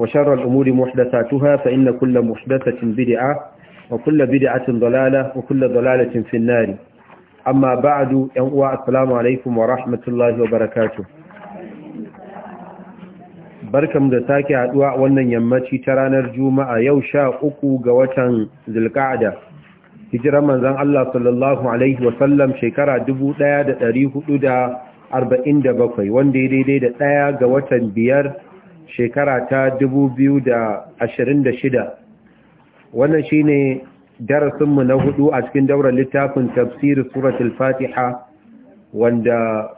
وشر الأمور محدثاتها فإن كل محدثة بدعة وكل بدعة ضلالة وكل ضلالة في النار أما بعد ينقوى السلام عليكم ورحمة الله وبركاته barkam da sake haduwa wannan yammaci ta ranar juma'a yau sha uku ga watan zulqa'ada hijira manzon Allah sallallahu alaihi wa sallam shekara 1447 wanda ya daidai da ɗaya ga watan biyar shekara ta da da ashirin shida wannan shine darasinmu na hudu a cikin daular littafin tafsirin suratul fatiha wanda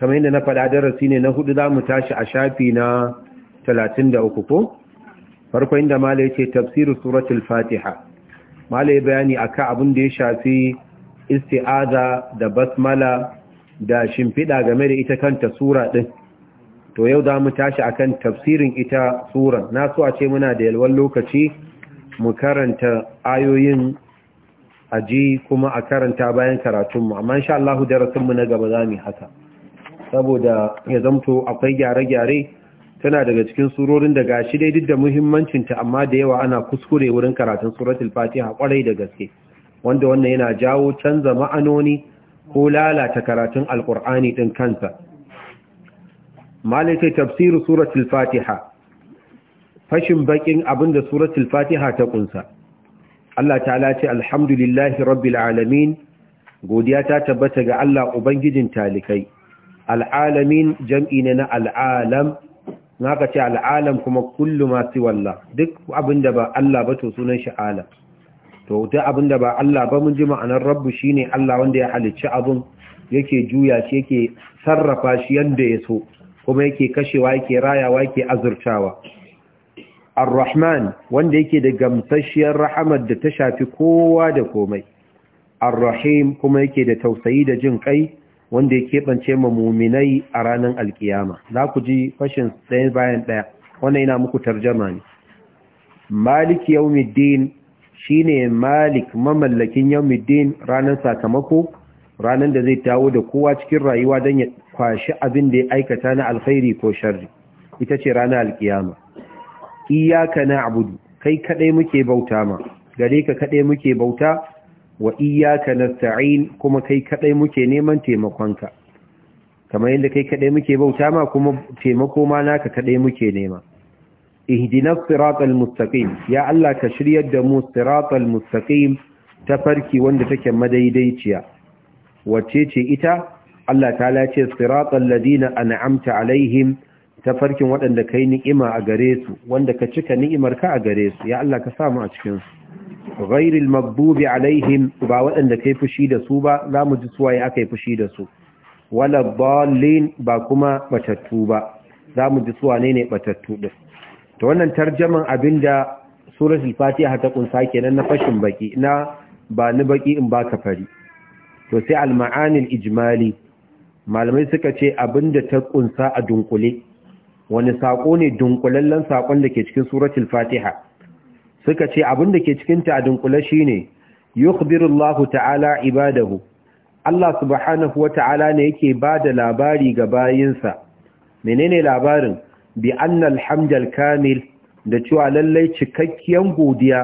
kamar yadda na faɗa darasi ne na hudu za mu tashi a shafi na talatin da uku ko farko inda mala ya ce tafsirin suratul fatiha mala ya bayani ka abin da ya shafi isti'aza da basmala da shimfiɗa game da ita kanta sura ɗin to yau za mu tashi akan tafsirin ita sura na so a ce muna da yalwar lokaci mu karanta ayoyin aji kuma a karanta bayan karatunmu amma insha Allah darasinmu na gaba za mu haka saboda ya zamto akwai gyare-gyare tana daga cikin surorin da gashi dai duk da muhimmancinta amma da yawa ana kuskure wurin karatun suratul fatiha kwarai da gaske wanda wannan yana jawo canza ma'anoni ko lalata karatun alkur'ani din kansa malaka tafsiru suratul fatiha fashin bakin abinda suratul fatiha ta kunsa Allah ta'ala ce alhamdulillahi rabbil alamin godiya ta tabbata ga Allah ubangijin talikai al'alamin jam'i ne na al'alam naka ce al'alam kuma kullu ma walla. duk abinda ba Allah ba to sunan shi alam to duk abinda ba Allah ba mun ji ma'anar rabbu shine Allah wanda ya halicci abun yake juya shi yake sarrafa shi yanda ya so kuma yake kashewa yake rayawa yake azurtawa ar-rahman wanda yake da gamsasshiyar rahamar da ta shafi kowa da komai ar-rahim kuma yake da tausayi da jin kai wanda ya keɓance ma muminai a ranar alkiyama za ku ji fashin ɗaya bayan ɗaya wannan yana muku tarjama ne malik yawmiddin shine malik mamallakin yawmiddin ranar sakamako ranar da zai tawo da kowa cikin rayuwa don ya kwashi abin da ya aikata na alkhairi ko sharri ita ce ranar alkiyama iyaka na abudu kai kadai muke bauta ma gare ka kadai muke bauta wa iyaka Sa'in, kuma kai kadai muke neman taimakonka kamar yadda kai kadai muke bauta ma kuma taimako ma naka kadai muke nema ihdinas siratal mustaqim ya Allah ka shiryar da mu siratal mustaqim tafarki wanda take madaidaiciya wacce ce ita Allah ta lace siratal ladina an'amta alaihim tafarkin waɗanda kai ni'ima a gare su wanda ka cika ni'imar ka a gare su ya Allah ka samu a cikin su ghairil maghdubi alaihim ba waɗanda kai fushi da su ba mu ji suwaye yi fushi da su wala dallin ba kuma batattu ba mu ji suwane ne batattu din to wannan tarjaman abinda suratul fatiha ta kunsa kenan na fashin baki na ba ni baki in baka fari to sai al-ma'anil ijmali malamai suka ce abinda ta kunsa a dunkule wani sako ne dunkulallen sakon da ke cikin suratul fatiha suka ce abinda ke cikin ta a dunkule shine yukhbirullahu ta'ala ibadahu Allah subhanahu wata'ala ne yake bada labari ga bayinsa menene labarin bi annal hamdal kamil da cewa lallai cikakkiyar godiya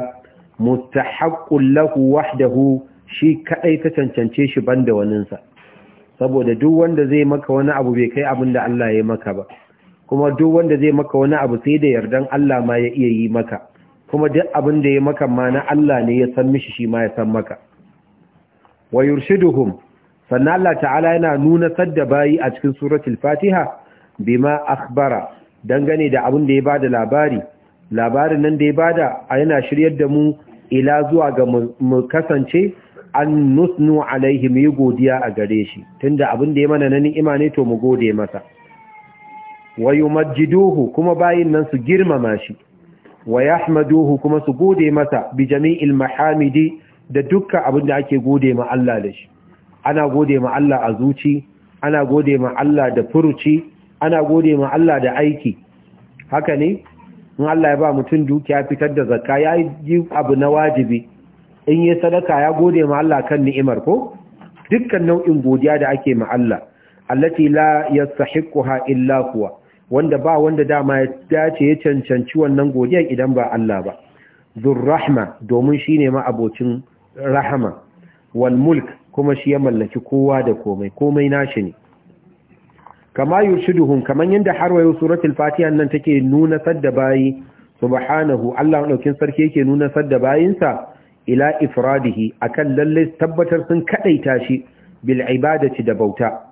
mustahaqqul lahu wahdahu shi kadai ta cancance shi banda waninsa saboda duk wanda zai maka wani abu bai kai abinda da Allah ya maka ba kuma duk wanda zai maka wani abu sai da yardan Allah ma ya iya yi maka kuma duk abin da ya maka ma na Allah ne ya san mishi shi ma ya san maka wa yurshiduhum sannan Allah ta'ala yana nuna sadda bayi a cikin suratul fatiha bima akhbara dangane da abin da ya bada labari labarin nan da ya bada a yana shiryar da mu ila zuwa ga mu kasance an nusnu alaihi mu yi godiya a gare shi tunda abin da ya mana na ni'ima ne to mu gode masa wa yumajjiduhu kuma bayin nan su girmama shi wa yahmaduhu kuma su gode masa bi jami'il mahamidi da dukkan abin da ake gode ma Allah da shi ana gode ma Allah a zuci ana gode ma Allah da furuci ana gode ma Allah da aiki haka ne in Allah ya ba mutum dukiya fitar da zakka ya yi abu na wajibi in yi sadaka ya gode ma Allah kan ni'imar ko dukkan nau'in godiya da ake ma Allah allati la yastahiquha illa huwa wanda ba wanda dama ya dace ya cancanci wannan godiyar idan ba Allah ba zurrahma domin shine ma abocin rahama wal mulk kuma shi ya mallaki kowa da komai komai nashi ne kama Hun, kaman yadda har wayo suratul fatiha nan take nuna sadda bayi subhanahu Allah ɗaukin sarki yake nuna sadda bayinsa ila ifradihi akan lalle tabbatar sun kadaita shi bil ibadati da bauta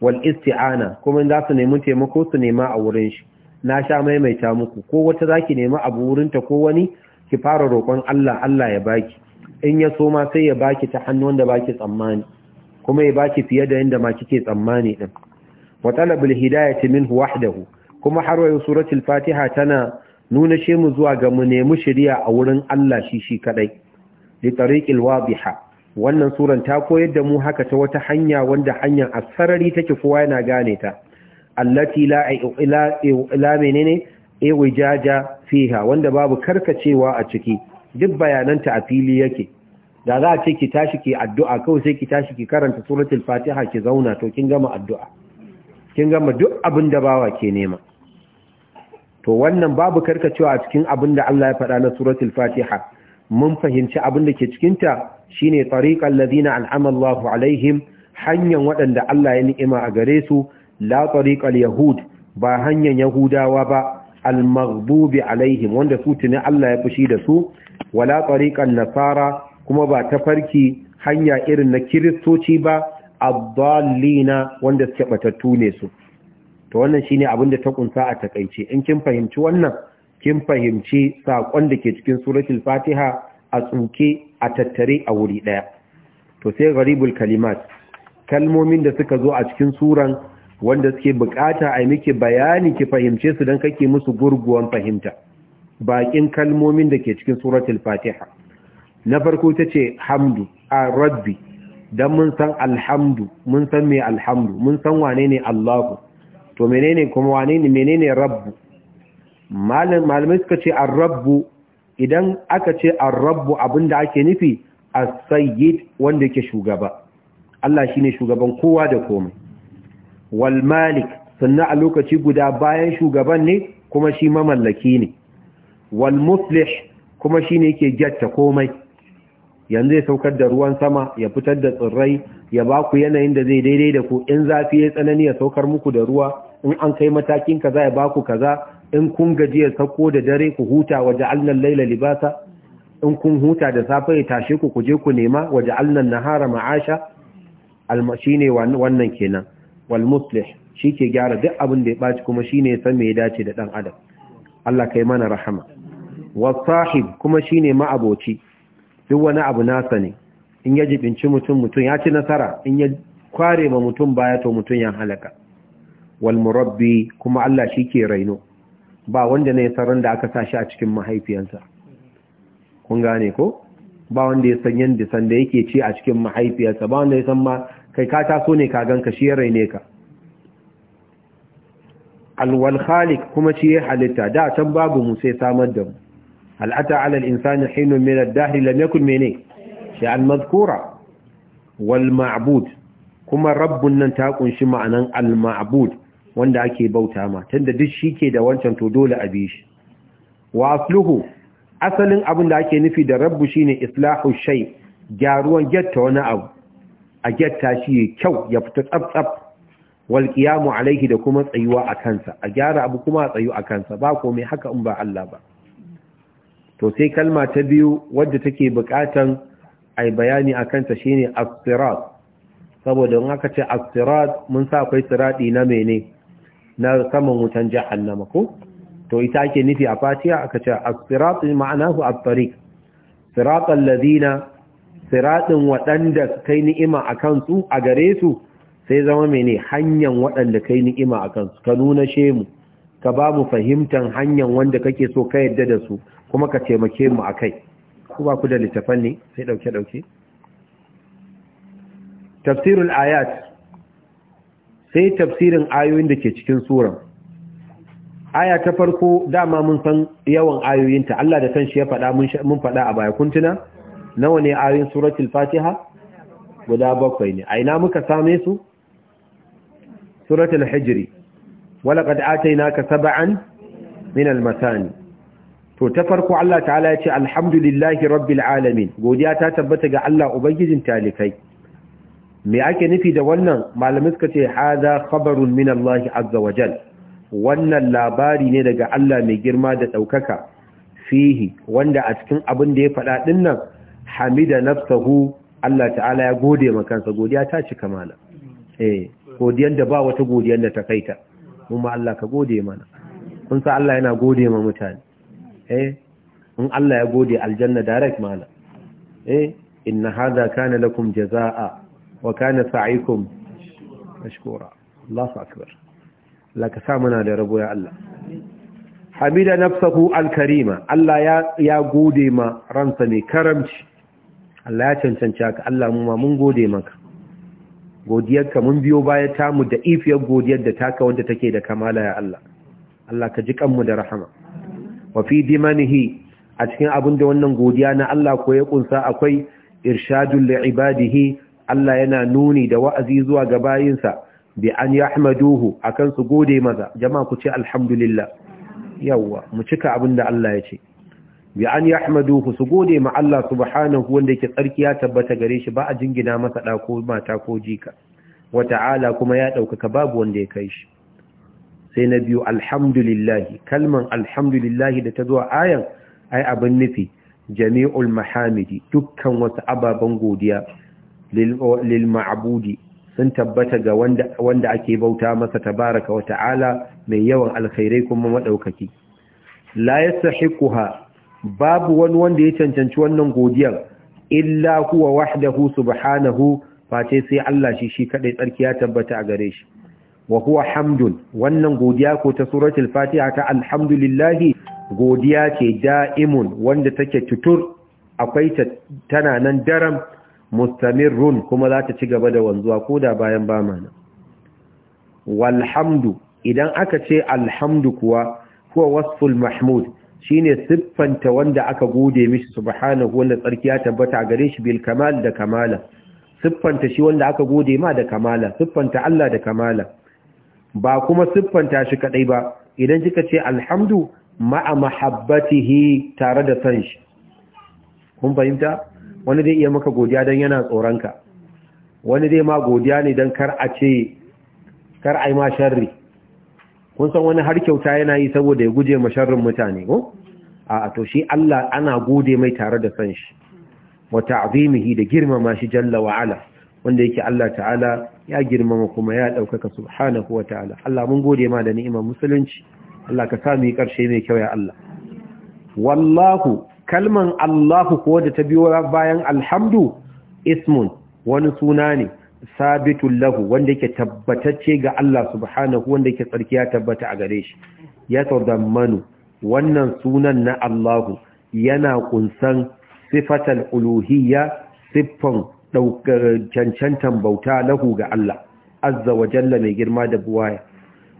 wal isti'ana kuma in za su nemi taimako su nema a wurin shi na sha maimaita muku ko wata zaki nemi abu wurin ta ko wani ki fara roƙon Allah Allah ya baki in ya so ma sai ya baki ta hannu wanda baki tsammani kuma ya baki fiye da yanda ma kike tsammani din wa talabul hidayati minhu wahdahu kuma har wayo suratul fatiha tana nuna shemu zuwa ga mu nemi shiriya a wurin Allah shi shi kadai li wadiha wannan suran ta koyar da mu haka ta wata hanya wanda hanyar asarari take kowa yana gane ta allati la ila ila menene e wijaja fiha wanda babu karkacewa a ciki duk bayananta a fili yake da za a ce ki tashi ki addu'a kawai sai ki tashi ki karanta suratul fatiha ki zauna to kin gama addu'a kin gama duk abin da bawa ke nema to wannan babu karkacewa a cikin abin da Allah ya faɗa na suratul fatiha mun fahimci abin da ke cikinta shine tariqal ladina an'ama alaihim hanyar waɗanda Allah ya ni'ima a gare su la tariqal yahud ba hanyar yahudawa ba al alaihim wanda su tuni Allah ya fushi da su wala tariqal nasara kuma ba ta farki hanya irin na kiristoci ba ad wanda suke batattu ne su to wannan shine abin da ta kunsa a taƙaice. in kin fahimci wannan kin fahimci saƙon da ke cikin suratul fatiha a tsuke a tattare a wuri ɗaya to sai garibul kalimat kalmomin da suka zo a cikin suran wanda suke bukata a yi miki bayani ki fahimce su don kake musu gurguwan fahimta bakin kalmomin da ke cikin suratul fatiha na farko ta ce hamdu a rabbi don mun san alhamdu mun san mai alhamdu mun san wane ne allahu to menene kuma wane ne menene rabbu malamai suka ce rabu idan aka ce rabu abinda ake nufi a sayid wanda yake shugaba Allah shi ne shugaban kowa da komai wal malik sannan a lokaci guda bayan shugaban ne kuma shi mamallaki ne wal muslih kuma shine yake jatta komai yanzu ya saukar da ruwan sama ya fitar da tsirrai ya ba ku yanayin da zai daidai da ku in zafi ya tsanani ya saukar muku da ruwa in an kai matakin kaza ya ba ku kaza in kun gaji ya sako da dare ku huta waje allan laila libasa in kun huta da safe ya tashe ku kuje ku nema waje allan nahara ma'asha shi ne wannan kenan wal shi ke gyara duk abin da ya ɓaci kuma shi ne ya san me ya dace da ɗan adam Allah kai mana rahama wasahib kuma shi ne ma'aboci duk wani abu nasa ne in ya jibinci mutum mutum ya ci nasara in ya kware ma mutum baya to mutum ya halaka walmurabbi kuma Allah shi ke raino ba wanda ne saran da aka sa shi a cikin mahaifiyansa kun gane ko ba wanda ya san yanda san yake ci a cikin mahaifiyarsa ba wanda ya san ma kai ka taso ne ka ganka shi ya raine ka alwal khaliq kuma shi ya halitta da can babu mu sai samar da mu al'ata alal al-insani hinun min ad-dahr lam yakun mene shi al wal ma'bud kuma rabbun nan ta kunshi ma'anan al-ma'bud wanda ake bauta ma tunda duk shi ke da wancan to dole a bi shi wa asluhu asalin abin da ake nufi da rabbu shine islahu shay gyaruwan getta wani abu a getta shi ya kyau ya fita tsaf wal qiyamu alaihi da kuma tsayuwa a kansa a gyara abu kuma a tsayu a kansa ba komai haka in ba Allah ba to sai kalma ta biyu wadda take bukatan ai bayani a ta shine as-sirat saboda in aka ce as-sirat mun sa akwai sirati na menene na saman wutan jahannama ko to ita ake nufi a fatiha aka ce as-siratu ma'anahu at-tariq sirat ladina siratin waɗanda kai ni'ima a kansu a gare su sai zama mene hanyar waɗanda kai ni'ima a kansu ka nuna shemu ka ba mu fahimtar hanyar wanda kake so ka yadda da su kuma ka taimake mu akai kai ku ba ku da littafan ne sai ɗauke-ɗauke tafsirul ayat sai tafsirin ayoyin da ke cikin suran aya ta farko dama mun san yawan ayoyinta Allah da kanshi ya faɗa mun faɗa a baya kuntuna nawa ne ayoyin suratul fatiha guda bakwai ne a ina muka same su suratul hijri walaqad atainaka sab'an min al-masani to ta farko Allah ta'ala ya ce alhamdulillahi rabbil alamin godiya ta tabbata ga Allah ubangijin talikai me ake nufi da wannan Malamin suka ce haza khabarun min Allah azza wa jal wannan labari ne daga Allah mai girma da daukaka fihi wanda a cikin abin da ya faɗa din nan hamida nafsuhu Allah ta'ala ya gode ma kansa godiya ta ci kamala eh godiyan da ba wata godiyan da ta kaita kuma Allah ka gode mana kun sa Allah yana gode ma mutane eh in Allah ya gode aljanna direct mana eh inna hadha kana lakum jazaa wa kana sa'ikum mashkura Allahu sa muna da rabo ya Allah hamida nafsahu alkarima Allah ya gode ma ransa mai karamci Allah ya cancanci haka Allah mu ma mun gode maka godiyarka mun biyo baya tamu da ifiyar godiyar da taka wanda take da kamala ya Allah Allah ka ji kanmu da rahama wa fi a cikin abinda wannan godiya na Allah ko ya kunsa akwai irshadul li'ibadihi Allah yana nuni da wa'azi zuwa ga bayinsa bi an yahmaduhu akan su gode maza, jama'a ku ce alhamdulillah Yawwa mu cika abin da Allah ya ce bi an yahmaduhu su gode ma Allah subhanahu wanda yake tsarki ya tabbata gare shi ba a jingina masa ɗa ko mata ko jika wa ta'ala kuma ya ɗaukaka babu wanda ya kai shi sai na biyu alhamdulillah kalman alhamdulillah da ta zuwa ayan ai abin nufi jami'ul mahamidi dukkan wasu ababen godiya lil sun tabbata ga wanda wanda ake bauta masa tabaraka wa ta'ala mai yawan alkhairai kuma madaukaki la yastahiquha babu wani wanda ya cancanci wannan godiyar illa huwa wahdahu subhanahu face sai Allah shi shi kadai tsarki ya tabbata a gare shi wa huwa hamdun wannan godiya ko ta suratul fatiha ta alhamdulillahi godiya ce da'imun wanda take tutur akwai ta tana nan daram mustamirrun kuma za ta ci gaba da wanzuwa ko da bayan ba mana walhamdu idan aka ce alhamdu kuwa kuwa wasful mahmud shine siffanta wanda aka gode mishi subhanahu wanda tsarki ya tabbata gare shi bil kamal da kamala siffanta shi wanda aka gode ma da kamala siffanta Allah da kamala ba kuma siffanta shi kadai ba idan kika ce alhamdu ma'a mahabbatihi tare da san shi kun fahimta wani zai iya maka godiya don yana tsoronka wani dai ma godiya ne don kar a ce kar a yi ma sharri kun san wani har kyauta yana yi saboda ya guje ma sharrin mutane ko a to shi Allah ana gode mai tare da san shi wa ta'zimihi da girmama shi jalla wa ala wanda yake Allah ta'ala ya girmama kuma ya daukaka subhanahu wa ta'ala Allah mun gode ma da ni'imar musulunci Allah ka sa mu yi karshe mai kyau ya Allah wallahu kalman Allahu ko da ta biyo bayan alhamdu ismun wani suna ne sabitun lahu wanda yake tabbatacce ga Allah subhanahu wanda yake tsarki ya tabbata a gare shi ya tadammanu wannan sunan na Allahu yana kunsan sifatal uluhiyya siffan cancantan bauta lahu ga Allah azza wa jalla mai girma da buwaya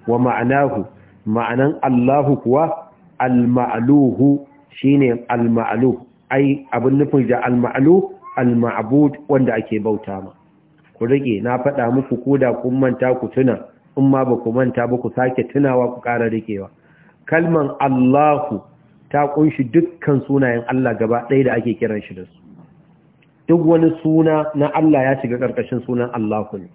wa ma'anahu ma'anan Allahu kuwa al-ma'luhu shine al-ma'lu ai abin nufin da al-ma'lu al-ma'bud wanda ake bauta ma ku rike na faɗa muku koda kun manta ku tuna in ma ba ku manta ba ku sake tunawa ku ƙara rikewa kalman Allahu ta kunshi dukkan sunayen Allah gaba ɗaya da ake kiran shi da su duk wani suna na Allah ya shiga ƙarƙashin sunan Allahu ne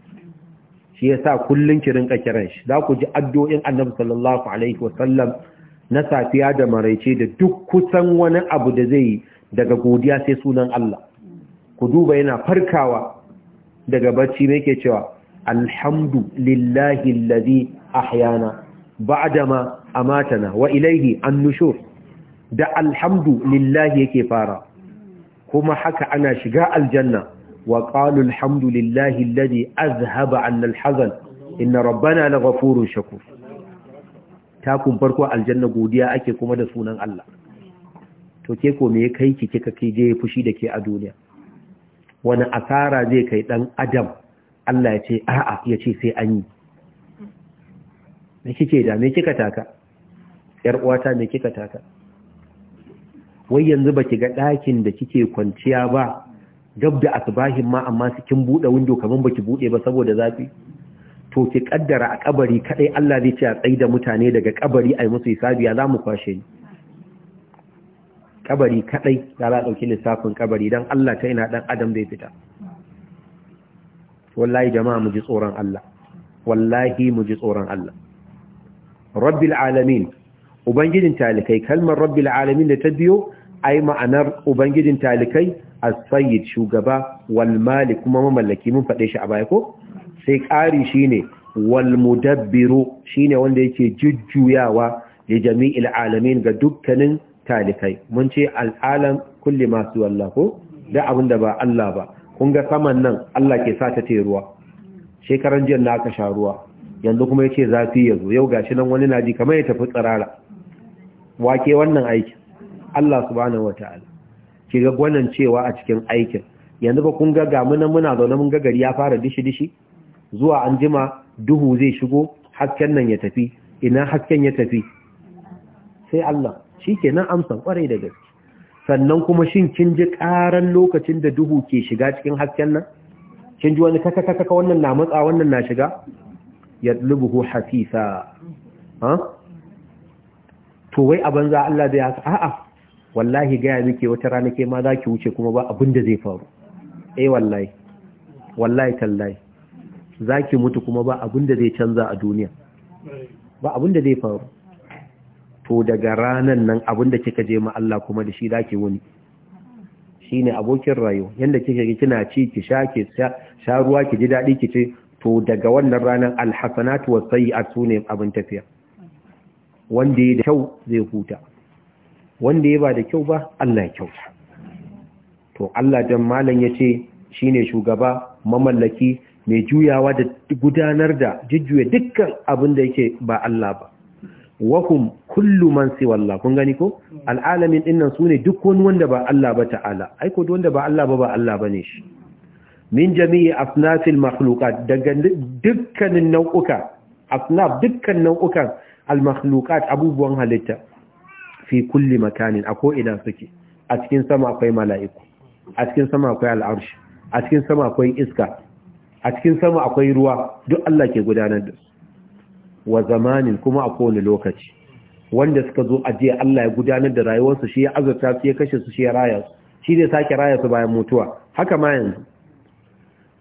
shi yasa kullum ki rinka kiran shi za ku ji addu'o'in Annabi sallallahu alaihi wasallam na safiya da maraice da duk kusan wani abu da zai yi daga godiya sai sunan Allah ku duba yana farkawa daga bacci mai ke cewa alhamdu lillahi allazi ahyana ba'dama amatana wa ilaihi annushur da alhamdu lillahi yake fara kuma haka ana shiga aljanna wa qalu alhamdulillahi alladhi azhaba 'anna alhazan inna rabbana laghafurun shakur takun farko aljanna godiya ake kuma da sunan Allah to ke ko me kai ki kika kai je fushi da a duniya wani asara zai kai dan adam Allah ya ce a'a ya ce sai an yi me kike da me kika taka yar uwata me kika taka wai yanzu baki ga dakin da kike kwanciya ba gab da asbahin ma amma kin bude window kaman baki bude ba saboda zafi to ki kaddara a kabari kadai Allah zai ce a tsayi da mutane daga kabari ai musu hisabi ya zamu kwashe ni kabari kadai za a dauki lissafin kabari dan Allah ta na dan adam zai fita wallahi jama'a mu ji tsoron Allah wallahi mu ji tsoron Allah rabbil alamin ubangijin talikai kalmar rabbil alamin da ta biyo ai ma'anar ubangijin talikai as-sayyid shugaba wal malik kuma mamallaki mun fade shi a baya ko sai ƙari shi shine walmudabbiru shi ne wanda yake jujjuyawa da jami'il alamin ga dukkanin talikai mun ce al'alam kulle masu Allah ko da abinda ba Allah ba kun ga saman nan Allah ke sa ta ruwa shekaran jiya na aka sha ruwa yanzu kuma yace zafi yazo yau gashi nan wani naji kamar ya tafi tsirara wake wannan aikin Allah subhanahu wataala ki ga gwanin cewa a cikin aikin yanzu ba kun ga ga muna muna zaune mun ga gari ya fara dishi dishi zuwa an jima duhu zai shigo hasken nan ya tafi ina hasken ya tafi sai Allah shi ke nan amsan kwarai da gaske sannan kuma shin kin ji ƙaran lokacin da duhu ke shiga cikin hasken nan kin ji wani kaka kaka wannan na matsa wannan na shiga yadlubuhu hafisa ha to wai a banza Allah zai haka a'a wallahi gaya muke wata rana ke ma za ki wuce kuma ba abin da zai faru eh wallahi wallahi tallahi za ki mutu kuma ba abin da zai canza a duniya ba abin da zai faru to daga ranar nan abin da kika je ma Allah kuma da shi za ki wuni shi ne abokin rayuwa yadda kika ki kina ci ki sha ki sha ruwa ki ji daɗi ki ce to daga wannan ranar alhassanatu wa sayi'atu ne abin tafiya wanda ya da kyau zai huta wanda ya ba da kyau ba Allah ya kyauta to Allah dan malam ya shi shine shugaba mamallaki mai juyawa da gudanar da jujjuya dukkan abin da yake ba Allah ba wahum kullu man si wallah kun gani ko al'alamin dinnan sune duk wani wanda ba Allah ba ta'ala ai ko wanda ba Allah ba ba Allah bane shi min jami'i asnafil makhluqat daga dukkanin nau'uka asnaf dukkan nau'ukan al makhluqat abubuwan halitta fi kulli makanin a ko'ina suke a cikin sama akwai mala'iku a cikin sama akwai al'arshi a cikin sama akwai iska a cikin sama akwai ruwa duk Allah ke gudanar da su wa zamanin kuma a kowane lokaci wanda suka zo a jiya Allah ya gudanar da rayuwarsu shi ya azurta su ya kashe su shi ya raya su shi ne sake raya su bayan mutuwa haka ma yanzu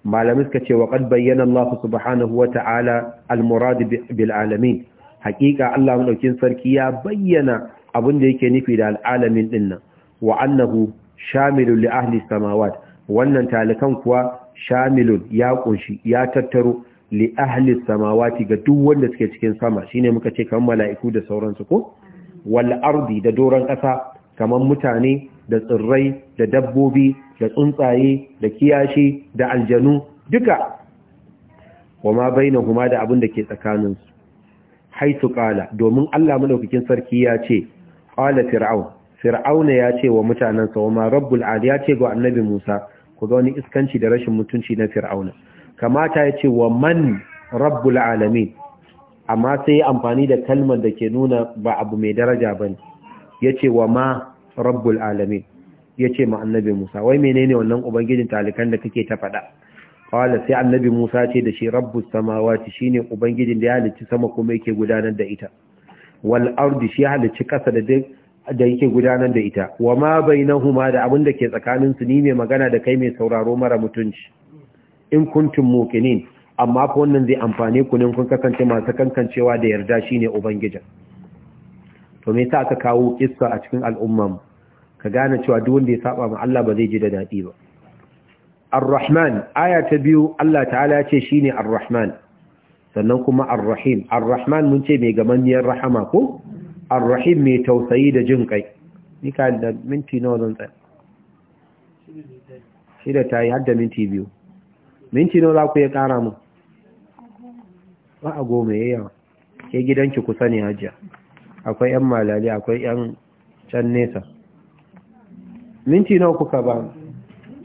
malamai suka ce wa qad bayyana Allah subhanahu wa ta'ala al-murad bil alamin haqiqa Allah ɗaukin sarki ya bayyana abin da yake nufi da al'alamin din nan wa annahu shamilu li ahli samawat wannan talikan kuwa shamilun ya kunshi ya tattaro li ahli samawati ga duk wanda suke cikin sama shine muka ce kaman mala'iku da sauransu ko wal ardi da doran ƙasa kamar mutane da tsirrai da dabbobi da tsuntsaye da kiyashi da aljanu duka wama bainahuma da abin da ke tsakaninsu haitu qala domin Allah madaukakin sarki ya ce qala fir'aun fir'auna ya ce wa mutanansa wama rabbul ya ga annabi Musa ku zo wani iskanci da rashin mutunci na fir'auna kamata ya ce wa man rabbul alamin amma sai ya amfani da kalmar da ke nuna ba abu mai daraja bane yace wa ma rabbul alamin yace ma annabi Musa wai menene wannan ubangijin talikan da kake ta faɗa qala sai annabi Musa ce da shi rabbus samawati shine ubangijin da ya halicci sama kuma yake gudanar da ita wal ardi shi halicci kasa da duk da yake gudanar da ita wa ma bainahuma da abin da ke tsakanin su ni mai magana da kai mai sauraro mara mutunci in kuntum muqinin amma fa wannan zai amfane ku ne kun kasance masu kankancewa da yarda shine ubangijin to me yasa aka kawo kissa a cikin al'umman ka gane cewa duk wanda ya saba ma Allah ba zai ji da dadi ba Ar-Rahman aya ta biyu Allah ta'ala ya ce shine Ar-Rahman sannan kuma Ar-Rahim Ar-Rahman mun ce mai gamaniyar rahama ko ar-rahim mai tausayi da jin kai mikael da minti nawa zan tsaya shida ta yi hadda minti biyu minti nawa za ku ya kara mu ba a goma ya yawa ke gidanki kusa ne hajiya akwai 'yan malali akwai 'yan can nesa minti nawa kuka ba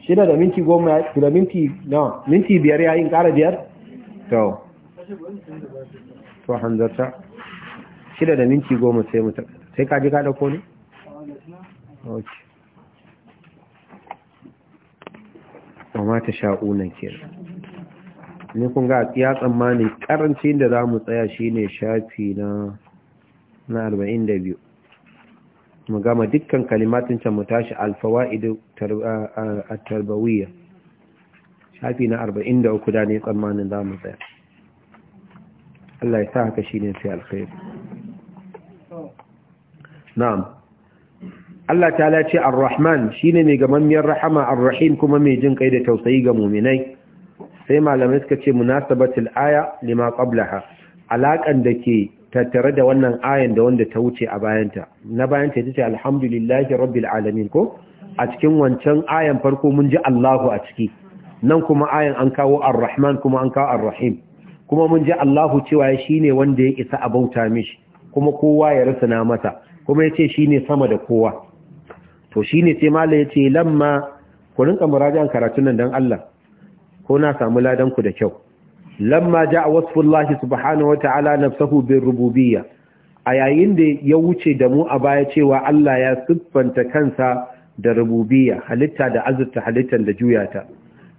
shida da minti goma da minti nawa minti biyar yayin kara biyar? to to hanzarta shida da minti goma sai mu sai ka ji ka dauko ne okay amma ta sha'una kenan ne kun ga ya tsammani karanci da za mu tsaya shine shafi na na 42 mu gama dukkan kalimatin can mu tashi alfawaidu at-tarbawiyya shafi na 43 da ne tsammanin za mu tsaya Allah ya sa haka shine sai alkhairi na'am Allah ta'ala ce ar-rahman shine mai gamammiyar rahama ar-rahim kuma mai jin kai da tausayi ga mu'minai sai malamai suka ce munasabatul aya lima qablaha alakan dake tattare da wannan ayan da wanda ta wuce a bayanta na bayanta ita ce alhamdulillahi rabbil alamin ko a cikin wancan ayan farko mun ji Allahu a ciki nan kuma ayan an kawo ar-rahman kuma an kawo ar-rahim kuma mun ji Allahu cewa shine wanda ya isa a bauta mishi kuma kowa ya rasa na masa kuma shi shine sama da kowa to ne sai mala ce, lamma ku rinka murajan karatun nan dan Allah ko na samu ladan ku da kyau lamma jaa wasfullahi subhanahu na nafsuhu birububiyya a yayin da ya wuce da mu a baya cewa Allah ya siffanta kansa da rububiya halitta da azurta halittar da juyata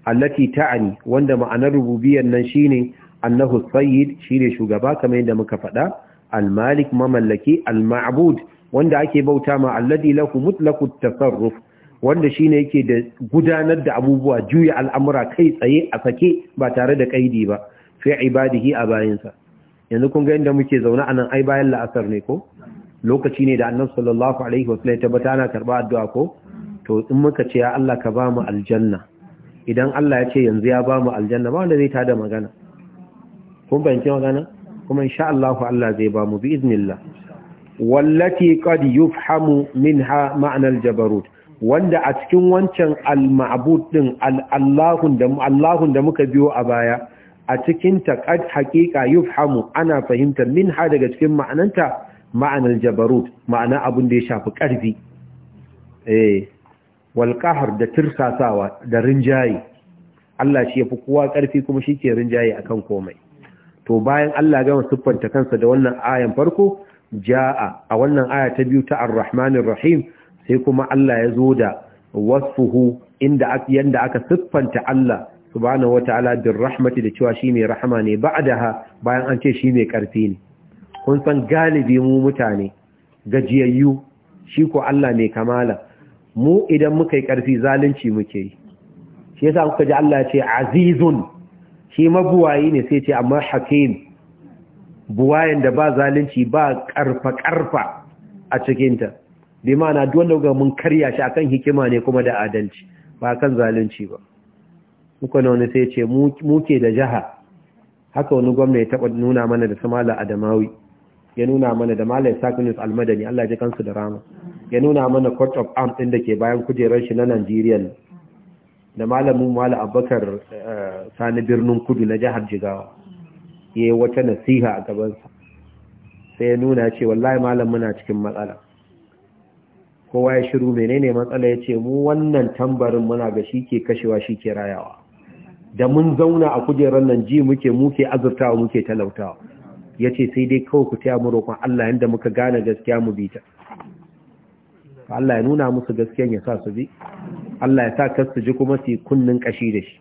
allati ta'ani wanda ma'anar rububiyan nan shine annahu sayyid shine shugaba kamar yadda muka faɗa al-malik mamallaki al-ma'bud wanda ake bauta ma alladhi lahu mutlaqut tasarruf wanda shine yake da gudanar da abubuwa juya al'amura kai tsaye a sake ba tare da kaidi ba fi ibadihi a bayansa yanzu kun ga inda muke zaune anan ai bayan la'asar ne ko lokaci ne da annabi sallallahu alaihi wasallam ta bata ana karba addu'a ko to in muka ce ya Allah ka bamu aljanna idan Allah ya ce yanzu ya bamu aljanna ba wanda zai tada magana kun bayyana magana kuma insha Allah Allah zai bamu bi iznillah wallati qad yufhamu minha ma'anar jabarut wanda a cikin wancan al-ma'bud din al-allahun da allahun da muka biyo a baya a cikin ta qad haqiqa yufhamu ana fahimta minha daga cikin ma'ananta ma'anar jabarut ma'ana abun da ya shafi karfi eh wal qahr da tirsasawa da rinjaye Allah shi yafi kowa karfi kuma shi ke rinjaye akan komai to bayan Allah gama siffanta kansa da wannan ayan farko ja'a a wannan aya ta biyu ta ar-rahmanir rahim sai kuma Allah ya zo da wasfuhu inda yanda aka siffanta Allah subhanahu wataala bir rahmati da cewa shi mai rahama ne ha, bayan an ce shi mai karfi ne kun san galibi mu mutane gajiyayyu shi ko Allah mai kamala mu idan muka yi karfi zalunci muke yi shi yasa kuka ji Allah ya ce azizun shi mabuwayi ne sai ce amma hakim buwayen da ba zalunci ba karfa-karfa a cikinta bi na duwanda ga mun karya shi akan hikima ne kuma da adalci ba kan zalunci ba muka na sai ce muke da jaha haka wani gwamna ya taɓa nuna mana da samala adamawi ya nuna mana da malai sakinus almadani allah ji kansu da rama ya nuna mana court of arms ɗin da ke bayan kujerar shi na nigeria da malamin mala Abakar eh, sani birnin kudu na jihar jigawa ya yi wata nasiha a gabansa sai ya nuna ce wallahi malam muna cikin matsala kowa ya shiru menene matsala ya ce mu wannan tambarin muna ga shi ke kashewa shi ke rayawa da mun zauna a kujerar nan ji muke muke azurtawa muke talautawa ya ce sai dai kawai ku taya mu roƙon Allah yadda muka gane gaskiya mu bi ta Allah ya nuna musu gaskiyan ya sa su bi Allah ya sa kar su ji kuma su kunnin kashi da shi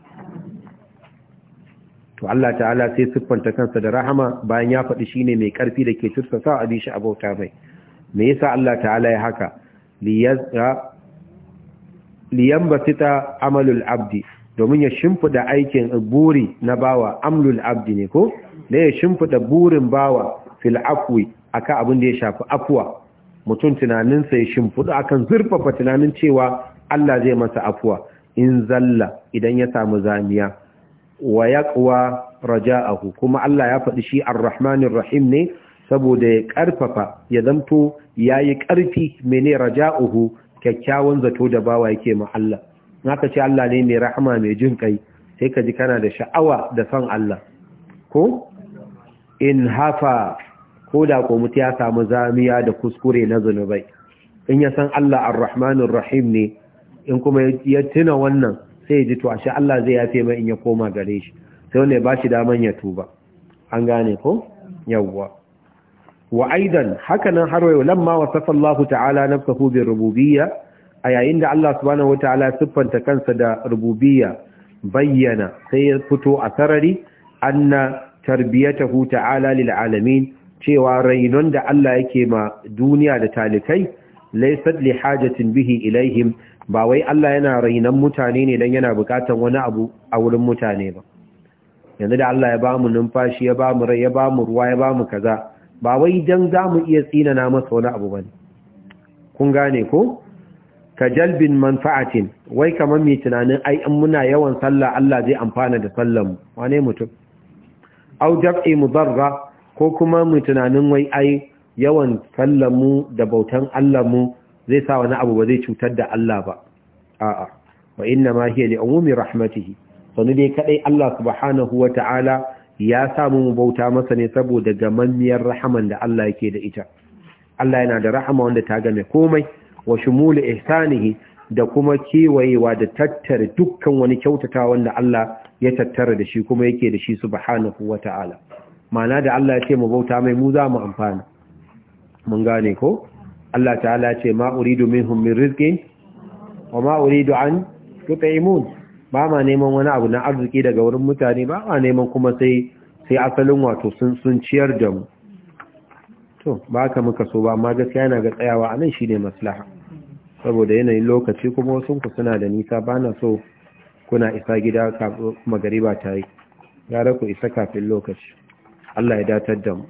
to Allah ta'ala sai siffanta kansa da rahama bayan ya faɗi shine mai ƙarfi da ke tursasa a bishi abauta mai me yasa Allah ta'ala ya haka liyan basita amalul abdi domin ya shimfida aikin buri na bawa amlul abdi ne ko da ya shimfida burin bawa fil afwi aka abin da ya shafi afuwa? mutum tunaninsa ya shimfida akan zurfafa tunanin cewa Allah zai masa afuwa in zalla idan ya samu zamiya wa yaqwa raja'ahu kuma Allah ya faɗi shi ar-rahmanir rahim ne saboda ya ƙarfafa ya zamto yayi ƙarfi mene raja'uhu kyakkyawan zato da bawa yake ma Allah naka ce Allah ne mai rahama mai jin kai sai ka ji kana da sha'awa da san Allah ko in hafa ko da ko mutu ya samu zamiya da kuskure na zunubai in ya san Allah ar-rahmanir rahim ne in kuma ya tuna wannan sai ya ji to ashe Allah zai yafe mai in ya koma gare shi sai wanda ya bashi daman ya tuba an gane ko yawwa wa aidan hakanan har wayo lamma wasafa Allah ta'ala nafsuhu bi rububiyya a yayin da Allah subhanahu wataala siffanta kansa da rububiyya bayyana sai ya fito a sarari anna tarbiyatahu ta'ala lil alamin cewa rainon da Allah yake ma duniya da talikai laysat li hajatin bihi ilaihim ba wai Allah yana rainan mutane ne don yana bukatan wani abu a wurin mutane ba yanzu da Allah ya ba mu numfashi ya ba mu rai ya ba mu ruwa ya ba mu kaza ba wai don za mu iya tsinana masa wani abu bane kun gane ko ka jalbin manfa'atin wai kamar mai tunanin ai an muna yawan sallah Allah zai amfana da sallar mu wane mutum au jab'i mudarra ko kuma mai tunanin wai ai yawan sallar mu da bautan Allah mu zai sa wani abu ba zai cutar da Allah ba a'a wa inna ma hiya li umumi rahmatihi sanu dai kadai Allah subhanahu wata'ala ya samu mu bauta masa ne saboda gamammiyar rahaman da Allah yake da ita Allah yana da rahama wanda ta game komai wa shumul ihsanihi da kuma kewayewa da tattare dukkan wani kyautata wanda Allah ya tattara da shi kuma yake da shi subhanahu wata'ala ma'ana da Allah ya ce mu bauta mai mu za mu amfana mun gane ko Allah ta'ala ce ma uridu minhum min rizqi wa ma uridu an tutaimun ba ma neman wani abu na arziki daga wurin mutane ba ma neman kuma sai sai asalin wato sun sun ciyar da mu to ba ka muka so ba amma gaskiya yana ga tsayawa anan shine maslaha saboda yanayin lokaci kuma sun ku suna da nisa bana so kuna isa gida kuma magariba tare. Ya gara ku isa kafin lokaci Allah ya datar da mu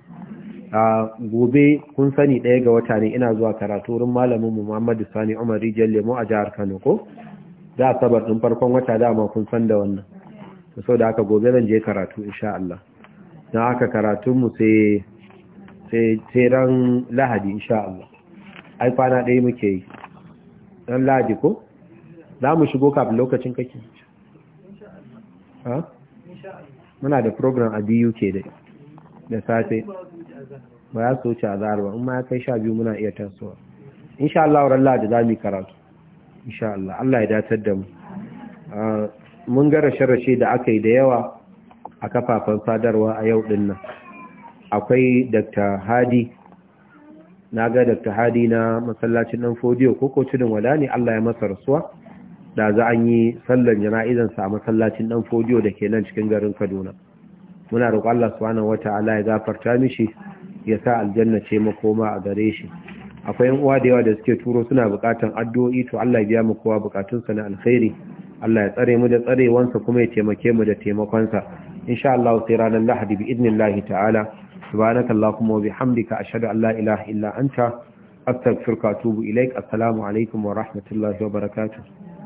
a gobe kun sani ɗaya ga wata ne ina zuwa karatu wurin malaminmu muhammadu sani umar rijiyar lemo a jihar kano ko da asabar ɗin farkon wata dama kun san da wannan so da aka gobe zan je karatu insha Allah na aka karatunmu sai sai ran lahadi insha Allah ai kwana ɗaya muke yi ran lahadi ko za mu shigo kafin lokacin kake muna da program a biyu ke dai da safe ba ya so a zahar ba in ya kai sha biyu muna iya tasowa insha Allah wurin Allah da mu karatu insha Allah Allah ya datar da mu ah, mun ga rashe-rashe da aka yi da yawa a kafafen sadarwa a yau din nan akwai Dr. Hadi na ga Dr. Hadi na masallacin ɗan fodiyo ko kocinin wada ne Allah ya masa rasuwa da za an yi sallan jana'izansa a masallacin ɗan fodiyo da ke nan cikin garin Kaduna muna roƙon Allah subhanahu wata'ala ya gafarta mishi ya sa aljanna ce makoma a gare shi akwai yan uwa da yawa da suke turo suna bukatan addu'o'i to Allah ya biya mu kowa bukatunsa na alkhairi Allah ya tsare mu da tsarewansa kuma ya taimake mu da taimakonsa insha Allah sai ranar Lahadi bi idnillahi ta'ala subhanakallahumma wa bihamdika ashhadu an la ilaha illa anta astaghfiruka wa atubu ilaik assalamu alaikum wa rahmatullahi wa barakatuh